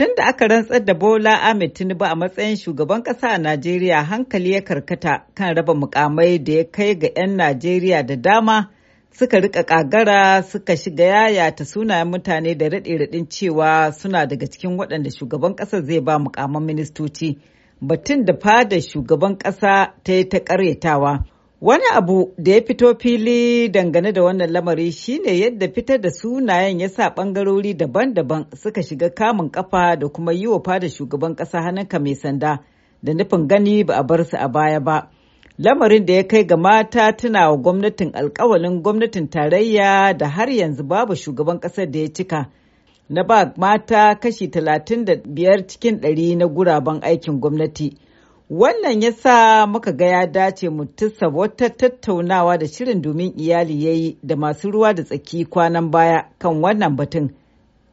Tun da aka rantsar da Bola Ahmed Tinubu a matsayin shugaban ƙasa a Najeriya hankali ya karkata kan raba mukamai da ya kai ga 'yan Najeriya da dama suka rika kagara suka shiga yaya ta sunayen mutane da raɗe-raɗin cewa suna daga cikin waɗanda shugaban ƙasa zai ba mukaman ministoci. Batun da fada shugaban ƙasa ta yi ta ƙaryatawa. Wani abu da ya fito fili dangane da wannan lamari shine yadda fitar da sunayen ya sa bangarori daban-daban suka shiga kamun kafa da kuma yi wa fada shugaban kasa hannunka mai sanda da nufin gani ba a bar su a baya ba. Lamarin da ya kai ga mata tuna wa gwamnatin alkawalin gwamnatin tarayya da har yanzu babu shugaban kasar da ya cika. Na ba mata kashi talatin da biyar cikin ɗari na guraben aikin gwamnati. Wannan ya sa muka ga ya dace mu tissa wata tattaunawa da shirin domin iyali ya yi da masu ruwa da tsaki kwanan baya kan wannan batun.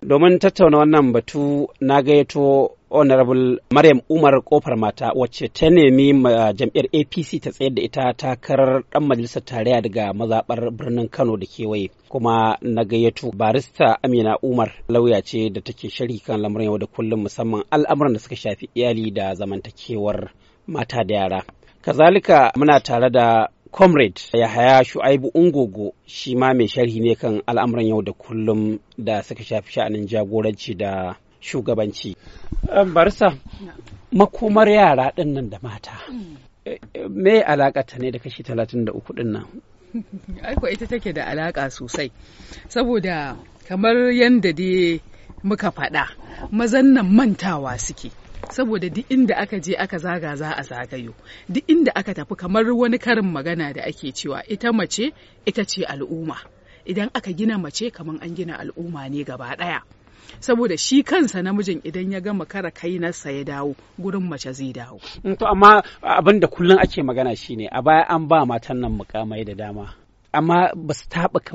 Domin tattauna wannan batu na gayyato honorable maryam umar kofar mata wacce ta nemi jam'iyyar apc ta tsayar da ita takarar dan majalisar tarayya daga mazaɓar birnin kano da kewaye kuma na gayyato barista amina umar lauya ce da take sharhi kan lamarin yau da kullum musamman al'amuran da suka shafi iyali da zamantakewar mata da yara kazalika muna tare da comrade yahaya shu'aibu ungogo shi ma mai sharhi ne kan al'amuran yau da kullum da suka shafi sha'anin jagoranci da shugabanci. Eh, Barsa, makomar yara ɗin nan da mata. Mm. Eh, me alaƙata ne da kashi talatin da uku ɗin nan? Aiko ita take da alaƙa sosai, saboda kamar yadda dai muka faɗa, mazan nan mantawa suke. saboda duk inda aka je aka zaga za a zagayo duk inda aka tafi kamar wani karin magana da ake cewa ita mace ita ce al'umma idan aka gina mace kamar an gina al'umma ne gaba ɗaya saboda shi kansa namijin idan ya gama kara kai na ya dawo gurin mace zai dawo mm, to amma abin da kullum ake magana shine a baya an ba matan nan mukamai da dama amma ba su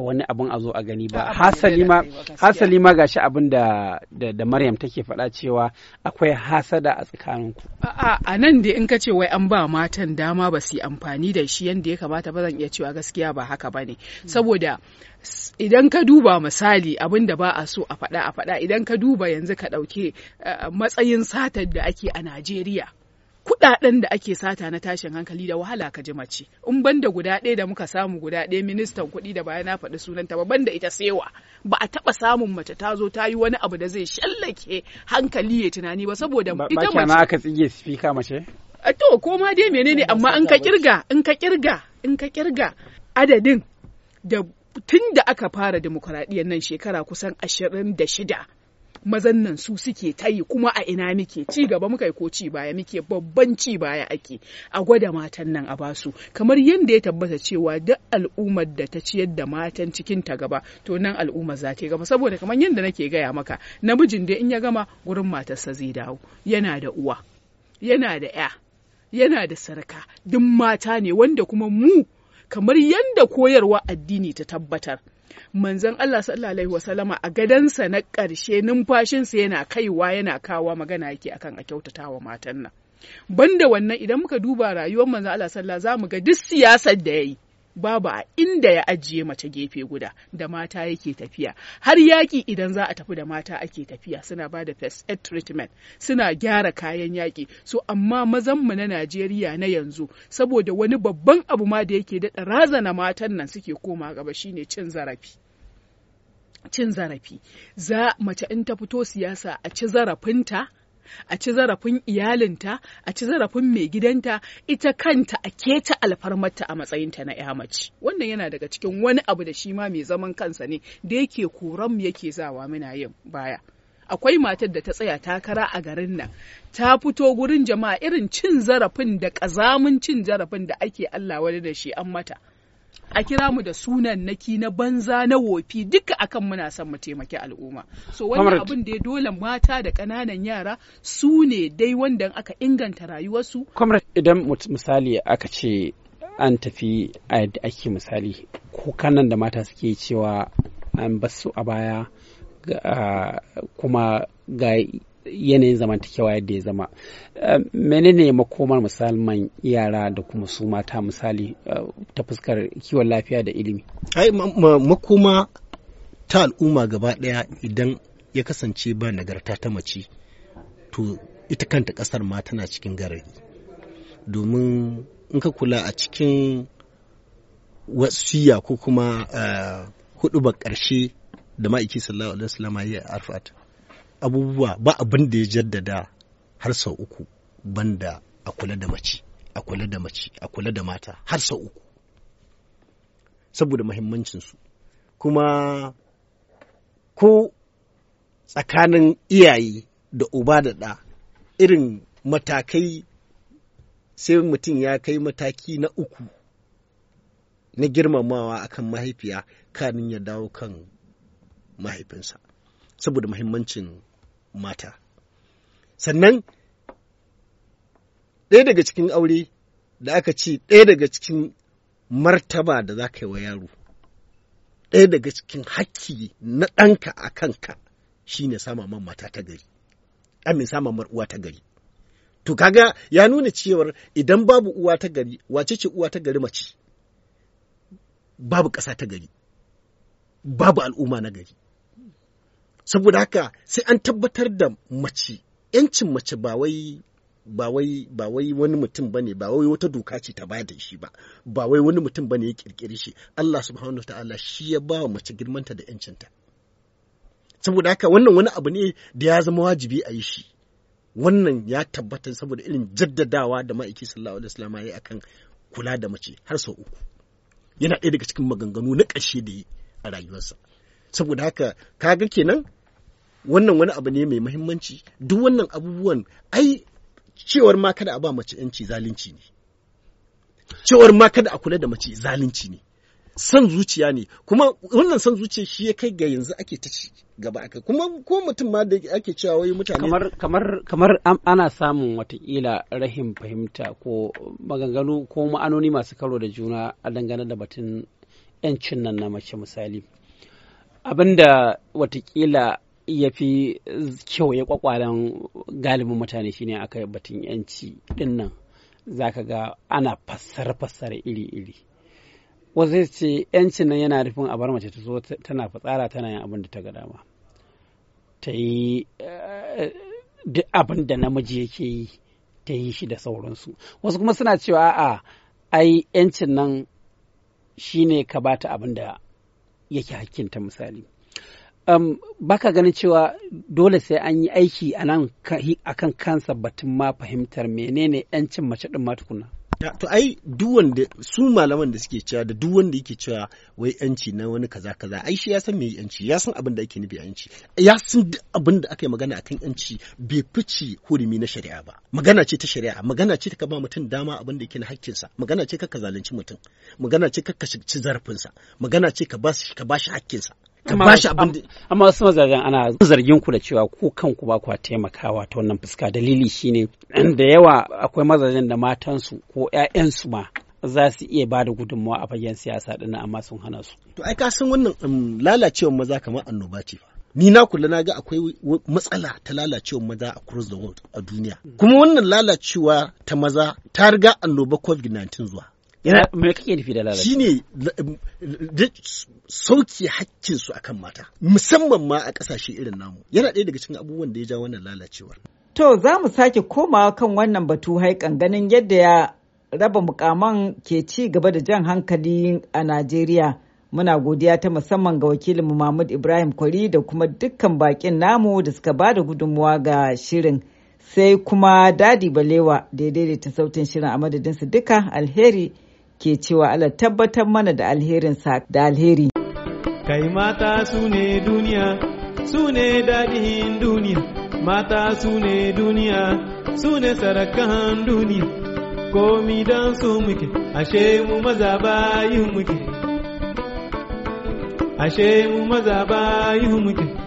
wani abin a zo a gani ba hasali ma gashi abin da da maryam take faɗa cewa akwai hasada a tsakaninku a a nan dai in ka ce wai an ba matan dama ba su yi amfani da shi yadda ya kamata ba zan iya cewa gaskiya ba haka ba ne hmm. saboda idan ka duba misali abin da ba a so a faɗa a faɗa idan ka duba yanzu ka ɗauke eh, matsayin satar da ake a najeriya Kuɗaɗen da ake sata na tashin hankali da wahala ka ji mace in banda guda ɗaya da muka samu guda ɗaya ministan kuɗi da bayan na faɗi sunanta ba da ita sewa ba a taɓa samun mace ta zo ta yi wani abu da zai shallake hankali ya tunani ba saboda ita mace ba aka tsige spika mace to ko ma dai menene amma in ka kirga in ka kirga in ka kirga adadin da tun da aka fara demokuraɗiyyar nan shekara kusan ashirin da shida mazan nan su suke tayi kuma a ina muke ci gaba muka yi ko ci baya muke babban ci baya ake a gwada matan nan a basu kamar yadda ya tabbata cewa duk al'ummar da ta ciyar da matan cikin ta gaba to nan al'ummar za ta gaba saboda kamar yadda nake gaya maka namijin da in ya gama gurin matarsa zai dawo yana da uwa yana da ya yana da sarka duk mata ne wanda kuma mu kamar yadda koyarwa addini ta tabbatar manzon Allah sallallahu alaihi wasallama a gadansa na ƙarshe numfashinsa yana kaiwa yana kawa magana yake akan a kyautata wa matan nan banda wannan idan muka duba rayuwar manzon Allah sallallahu za mu ga duk siyasar da yayi babu a inda ya ajiye mace gefe guda da mata yake tafiya har yaƙi idan za a tafi da mata ake tafiya suna ba da first aid treatment suna gyara kayan yaƙi so amma mazan mu na Najeriya na yanzu saboda wani babban abu ma da yake daɗa razana matan nan suke koma gaba shine cin zarafi cin zarafi za mace in ta fito siyasa a ci zarafinta a ci zarafin iyalinta a ci zarafin mai gidanta ita kanta a keta alfarmarta a matsayinta na ya mace wannan yana daga cikin wani abu da shi ma mai zaman kansa ne da yake koran yake zawa muna yin baya akwai matar da ta tsaya takara a garin nan ta fito gurin jama'a irin cin zarafin da ƙazamin cin zarafin da ake Allah wani da shi an mata a kira mu da sunan naki na banza na wofi duka akan muna son mu taimaki al'umma so wannan abin da ya dole mata da ƙananan yara su ne dai wanda aka inganta rayuwarsu idan misali aka ce an tafi a yadda ake misali kanan da mata suke cewa an basu a baya kuma ga yanayin zamantakewa yadda ya zama eh, menene makomar musamman yara da kuma su mata misali eh, ta fuskar kiwon lafiya da ilimi ai makoma ta al'umma gaba daya idan ya kasance ba nagarta ta mace to ita kanta kasar ma tana cikin garari domin in ka kula a cikin wasiya ko kuma eh, hudu ba ƙarshe da ma'aiki sallallahu alaihi wasallam ya arfata. abubuwa ba abin da ya jaddada har sau uku banda a kula da mace a kula da mace a kula da mata har sau uku saboda mahimmancinsu kuma ko tsakanin iyaye da uba da ɗa irin matakai sai mutum ya kai mataki na uku na girmamawa akan mahaifiya kanin ya dawo kan mahaifinsa saboda mahimmancin mata sannan ɗaya daga cikin aure da aka ce ɗaya daga cikin martaba da za ka yi wa yaro ɗaya daga cikin hakki na ɗanka a kanka shi ne sama man mata ta gari amin sama mar uwa ta gari to kaga ya nuna cewar idan babu uwa ta gari wace ce uwa ta gari mace babu ƙasa ta gari babu al'umma na gari saboda haka sai an tabbatar da mace yancin mace ba wai ba wai ba wai wani mutum bane ba wai wata doka ce ta bada shi ba ba wai wani mutum bane ya kirkire shi Allah subhanahu Ta'ala shi ya ba wa mace girmanta da yancinta saboda haka wannan wani abu ne da ya zama wajibi a yi shi wannan ya tabbatar saboda irin jaddadawa da ma'aiki sallallahu alaihi wasallam ya akan kula da mace har sau uku yana ɗaya daga cikin maganganu na ƙarshe da yi a rayuwarsa saboda haka kaga kenan wannan wani abu ne mai mahimmanci duk wannan abubuwan ai cewar ma kada a ba mace yanci zalunci ne cewar ma kada a kula da mace zalunci ne san zuciya ne kuma wannan san zuciya shi ya kai ga yanzu ake ta ci gaba aka kuma ko mutum ma da ake cewa wai mutane kamar kamar kamar ana samun watakila rahim fahimta ko maganganu ko ma'anoni masu karo da juna a dangane da batun yancin nan na mace misali abin da watakila ya fi kyau ya kwakwalen galibin mutane shine aka batun yanci dinnan za ka ga ana fassar-fassar iri-iri wasu ce yancin nan yana nufin a bar mace ta zo tana fitsara tana yin abin da ta ga dama ta yi eh, duk abin da namiji yake yi ta yi shi da sauransu wasu kuma suna cewa a ai yancin nan shine ka bata abin da yake ta misali um, baka ganin cewa dole sai an yi aiki a nan akan kansa batun ma fahimtar menene 'yancin mace ɗin matukuna. to ai duk wanda su malaman da suke cewa da duk wanda yake cewa wai yanci na wani kaza kaza ai shi ya san me yanci ya san abin da ake nufi yanci ya san duk abin da aka yi magana akan yanci bai fice hurumi na shari'a ba magana ce ta shari'a magana ce ta ka ba mutum dama abin da yake na haƙƙinsa. magana ce ka ka zalunci mutum magana ce ka ka ci zarafinsa magana ce ka ba shi ka ka ba abin amma wasu mazajen ana zargin ku da cewa ku kanku ba kwa taimakawa ta wannan fuska dalili shine da yawa akwai mazajen da matansu ko 'ya'yansu ma za su iya ba da gudunmawa a fagen siyasa dinnan amma sun hana su. To ai ka san wannan um, lalacewar maza kamar annoba ce Ni na kula na ga akwai matsala ta lalacewar maza a cross the world a duniya. Kuma wannan lalacewa ta maza ta riga annoba COVID-19 zuwa. yana me kake nufi da lalacewa shine sauke hakkin su akan mata musamman ma a kasashe irin namu yana ɗaya daga cikin abubuwan da ya ja wannan lalacewar to za mu sake komawa kan wannan batu haikan ganin yadda ya raba mukaman ke ci gaba da jan hankali a Najeriya muna godiya ta musamman ga wakilin Muhammad Ibrahim Kwari da kuma dukkan bakin namu da suka ba da gudunmuwa ga shirin sai kuma Dadi Balewa da ya daidaita sautin shirin a madadinsu duka alheri ke cewa Allah tabbatar mana da alherinsa da alheri. Kai mata su ne duniya, su ne daɗin duniya, mata su ne duniya, su ne sarakan duniya, komi don su muke, ashe mu maza bayin muke. Ashe mu maza bayin muke.